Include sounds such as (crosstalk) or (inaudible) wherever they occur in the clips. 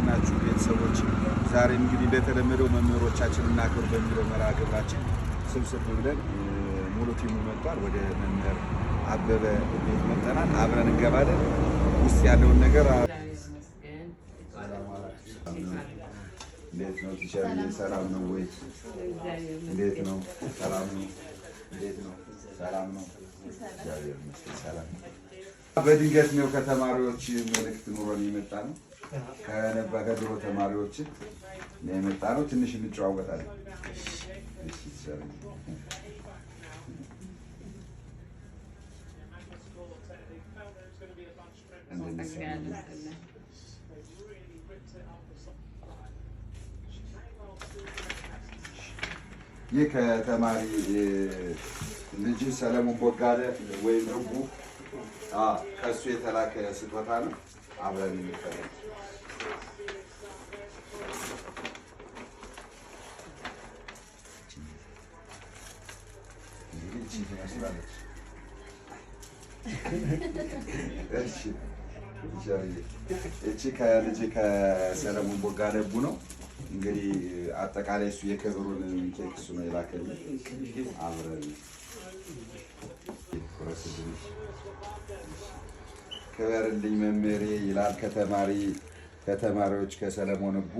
እንዴት ናችሁ ቤተሰቦች? ዛሬ እንግዲህ እንደተለመደው መምህሮቻችን እናክብር በሚለው መርሃ ግብራችን ስብስብ ብለን ሙሉ ቲሙ መጥቷል። ወደ መምህር አበበ ቤት መጠናል። አብረን እንገባለን ውስጥ ያለውን ነገር እንዴት ነው ቲቸር፣ ሰላም ነው ወይ? እንዴት ነው? ሰላም ነው። እንዴት ነው? ሰላም ነው። እግዚአብሔር ይመስገን ሰላም ነው። በድንገት ነው ከተማሪዎች መልእክት ኑሮን የመጣ ነው። ድሮ ተማሪዎችን የመጣ ነው። ትንሽ እንጨዋወታለን። ይህ ከተማሪ ልጅ ሰለሞን ቦጋለ ወይም ድቡ ከእሱ የተላከ ስጦታ ነው። አብረን እንፈለግ ይችን ትመስላለች። እቺ ከልጅ ከሰለሞን ቦጋለቡ ነው። እንግዲህ አጠቃላይ እሱ የክብሩን ኬክ ነው የላከልኝ። አብረን ክበርልኝ መምህሬ ይላል። ከተማሪ ከተማሪዎች ከሰለሞን እቡ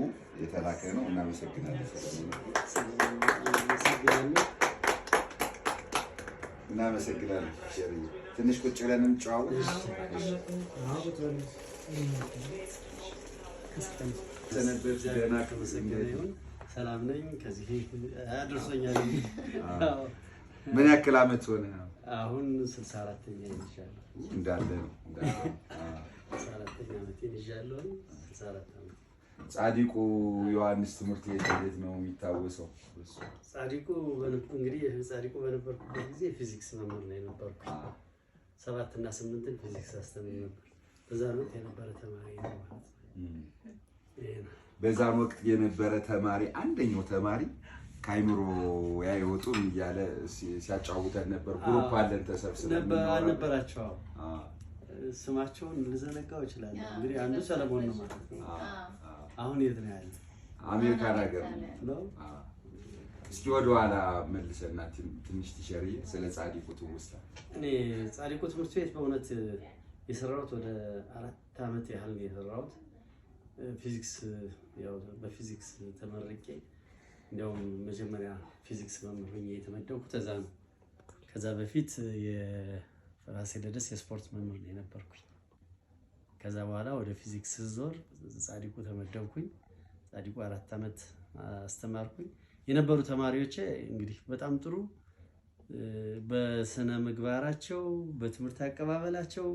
የተላከ ነው። እናመሰግናለን ሰለሞን እናመሰግናለን። ትንሽ ቁጭ ብለን እንጨዋወት። ሰላም ነኝ። ከዚህ አድርሶኛል። ምን ያክል አመት ሆነ? አሁን ስልሳ አራተኛ ይዣለሁ። እንዳለ ነው። ስልሳ አራተኛ አመት ይዣለሁ። ስልሳ አራት አመት ጻዲቁ ዮሐንስ ትምህርት ቤት እንዴት ነው የሚታወሰው? ጻዲቁ እንግዲህ ጻዲቁ በነበርኩበት ጊዜ ፊዚክስ መምህር ነው የነበርኩ። ሰባት እና ስምንትን ፊዚክስ አስተምር ነበር። በዛን ወቅት የነበረ ተማሪ በዛን ወቅት የነበረ ተማሪ አንደኛው ተማሪ ከአይምሮ ያይወጡም እያለ ሲያጫውተን ነበር። ግሩፕ አለን ተሰብስበን ነበራቸው። ስማቸውን ልዘነጋው ይችላል። እንግዲህ አንዱ ሰለሞን ነው ማለት ነው አሁን የት ነው ያለ? አሜሪካን ሀገር ነው። እስኪ ወደኋላ መልሰና ትንሽ ትሸርዬ ስለ ጻድቁ ትውስታ። እኔ ጻድቁ ትምህርት ቤት በእውነት የሰራሁት ወደ አራት ዓመት ያህል ነው የሰራሁት። ፊዚክስ ያው በፊዚክስ ተመርቄ እንዲያውም መጀመሪያ ፊዚክስ መምህር ሆኜ የተመደብኩት እዛ ነው። ከዛ በፊት የራሴ ለደስ የስፖርት መምህር ነው የነበርኩኝ ከዛ በኋላ ወደ ፊዚክስ ዞር ጻዲቁ ተመደብኩኝ። ጻዲቁ አራት ዓመት አስተማርኩኝ። የነበሩ ተማሪዎች እንግዲህ በጣም ጥሩ በስነ ምግባራቸው፣ በትምህርት አቀባበላቸው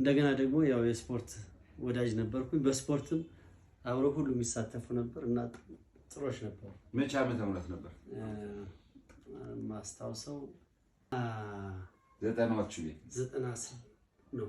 እንደገና ደግሞ ያው የስፖርት ወዳጅ ነበርኩኝ። በስፖርትም አብረው ሁሉ የሚሳተፉ ነበር እና ጥሮች ነበሩ። መቼ ዓመተ ምህረት ነበር ማስታውሰው? ዘጠናዎቹ ዘጠና ነው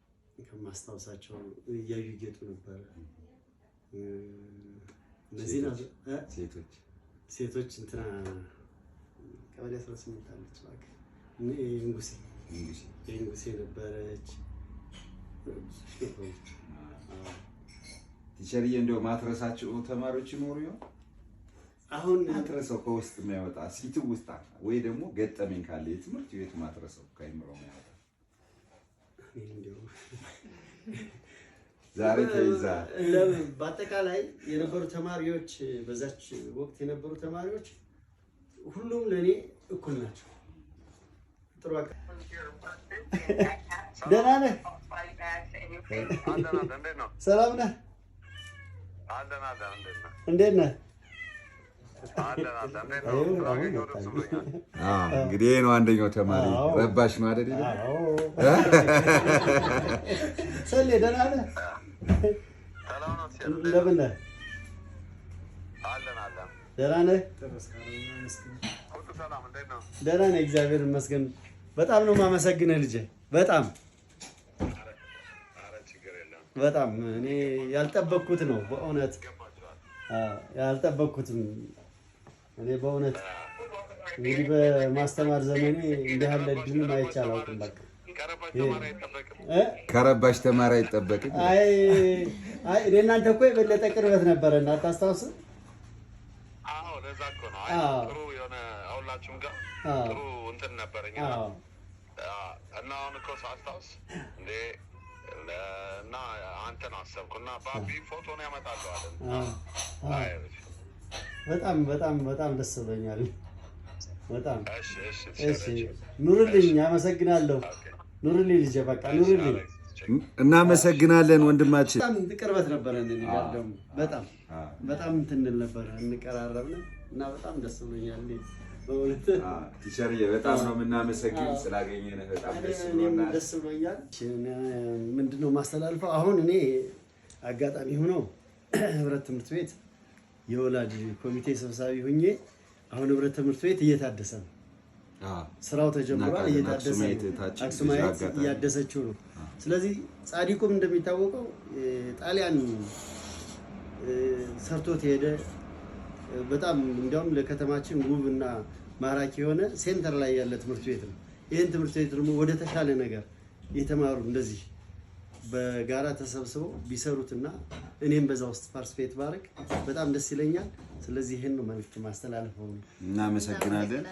ከማስታወሳቸው እያዩ ጌጡ ነበረ። እነዚህ ሴቶች ሴቶች እንትና ቀበሌ 18 አለች እባክህ ንጉሴ ንጉሴ ነበረች። ቲቸርዬ እንደው ማትረሳቸው ተማሪዎች ይኖሩ ይሆን? አሁን ማትረሰው ከውስጥ የሚያወጣ ሲት ውስጥ ወይ ደግሞ ገጠመኝ ካለ የትምህርት ቤት ማትረሰው ከአይምሮ የሚያወጣ ዛሬ ተይዛል። በአጠቃላይ የነበሩ ተማሪዎች በዛች ወቅት የነበሩ ተማሪዎች ሁሉም ለእኔ እኩል ናቸው። ጥሩ ደህና ነህ? ሰላም ነህ? እንዴት ነህ? እንግዲህ ነው አንደኛው ተማሪ ረባሽ ነው አይደል? ሰሌ ደህና ነህ? እንደምን ነህ? ደህና ነህ? ደህና ነህ? እግዚአብሔር ይመስገን። በጣም ነው የማመሰግንህ ልጄ። በጣም በጣም እኔ ያልጠበቅኩት ነው በእውነት ያልጠበኩትም። እኔ በእውነት እንግዲህ በማስተማር ዘመኔ እንዲህ ያለ እድልም አይቼ አላውቅም። በቃ ከረባሽ ተማሪ አይጠበቅም። አይ እኔ እናንተ እኮ የበለጠ ቅርበት ነበረ እና ታስታውስ። አዎ ለዛ እኮ ነው። ጥሩ የሆነ አውላችሁም ጋር ጥሩ እንትን ነበረኝ። እና አሁን እኮ ሳስታውስ እንዴ እና አንተን አሰብኩ እና ባቢ ፎቶ ነው ያመጣለዋል በጣም በጣም በጣም ደስ ብሎኛል። በጣም እሺ፣ ኑርልኝ። አመሰግናለሁ። ኑርልኝ ልጄ፣ በቃ ኑርልኝ። እናመሰግናለን ወንድማችን። በጣም ቅርበት ነበረ። ደግሞ በጣም በጣም እንትን ነበረ፣ እንቀራረብን እና በጣም ደስ ብሎኛል። በእውነት ቲቸርዬ በጣም ነው የምናመሰግን ስላገኘን፣ በጣም ደስ ብሎኛል። ምንድነው ማስተላልፈው? አሁን እኔ አጋጣሚ ሆኖ (clears throat) ህብረት ትምህርት ቤት የወላጅ ኮሚቴ ሰብሳቢ ሁኜ አሁን ህብረት ትምህርት ቤት እየታደሰ ነው። ስራው ተጀምሯል፣ እየታደሰ አክሱማየት እያደሰችው ነው። ስለዚህ ጻዲቁም እንደሚታወቀው ጣሊያን ሰርቶት ሄደ። በጣም እንዲያውም ለከተማችን ውብ እና ማራኪ የሆነ ሴንተር ላይ ያለ ትምህርት ቤት ነው። ይህን ትምህርት ቤት ደግሞ ወደ ተሻለ ነገር የተማሩ እንደዚህ በጋራ ተሰብስበው ቢሰሩትና እኔም በዛ ውስጥ ፓርቲስፔት ባርግ በጣም ደስ ይለኛል። ስለዚህ ይህን ነው መልዕክት ማስተላለፈው። እናመሰግናለን።